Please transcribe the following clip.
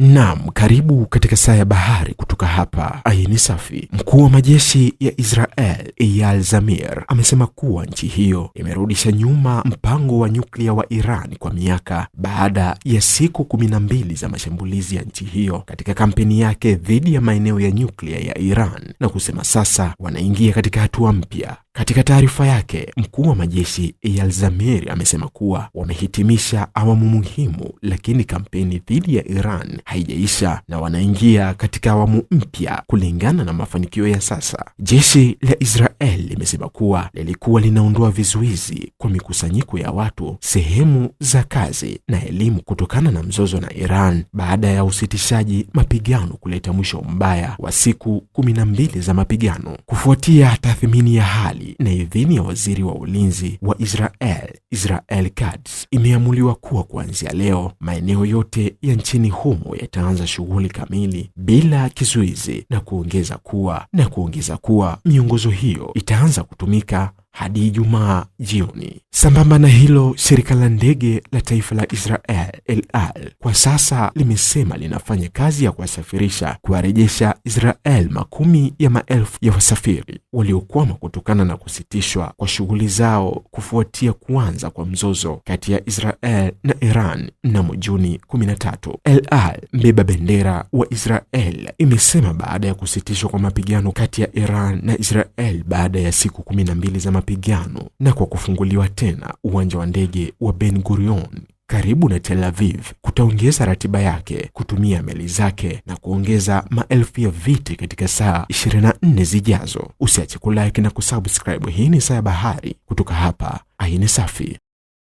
Naam, karibu katika Saa ya Bahari kutoka hapa Ayin Safi. Mkuu wa majeshi ya Israel Eyal Zamir amesema kuwa nchi hiyo imerudisha nyuma mpango wa nyuklia wa Iran kwa miaka baada ya siku kumi na mbili za mashambulizi ya nchi hiyo katika kampeni yake dhidi ya maeneo ya nyuklia ya Iran na kusema sasa wanaingia katika hatua mpya katika taarifa yake, mkuu wa majeshi Eyal Zamir amesema kuwa wamehitimisha awamu muhimu, lakini kampeni dhidi ya Iran haijaisha na wanaingia katika awamu mpya. Kulingana na mafanikio ya sasa, jeshi la Israel limesema kuwa lilikuwa linaondoa vizuizi kwa mikusanyiko ya watu, sehemu za kazi na elimu kutokana na mzozo na Iran baada ya usitishaji mapigano kuleta mwisho mbaya wa siku mbili za mapigano kufuatia tathmini ya hali na idhini ya waziri wa ulinzi wa Israel, Israel Katz, imeamuliwa kuwa kuanzia leo maeneo yote ya nchini humo yataanza shughuli kamili bila kizuizi, na kuongeza kuwa na kuongeza kuwa miongozo hiyo itaanza kutumika hadi Ijumaa jioni. Sambamba na hilo, shirika la ndege la taifa la Israel El Al kwa sasa limesema linafanya kazi ya kuwasafirisha kuwarejesha Israel makumi ya maelfu ya wasafiri waliokwama kutokana na kusitishwa kwa shughuli zao kufuatia kuanza kwa mzozo kati ya Israel na Iran mnamo Juni 13. El Al, mbeba bendera wa Israel, imesema baada ya kusitishwa kwa mapigano kati ya Iran na Israel baada ya siku 12 za mapigano na kwa kufunguliwa tena uwanja wa ndege wa Ben Gurion karibu na Tel Aviv kutaongeza ratiba yake kutumia meli zake na kuongeza maelfu ya viti katika saa 24 zijazo. Usiache kulike na kusubscribe. Hii ni Saa ya Bahari kutoka hapa Ayin Safi.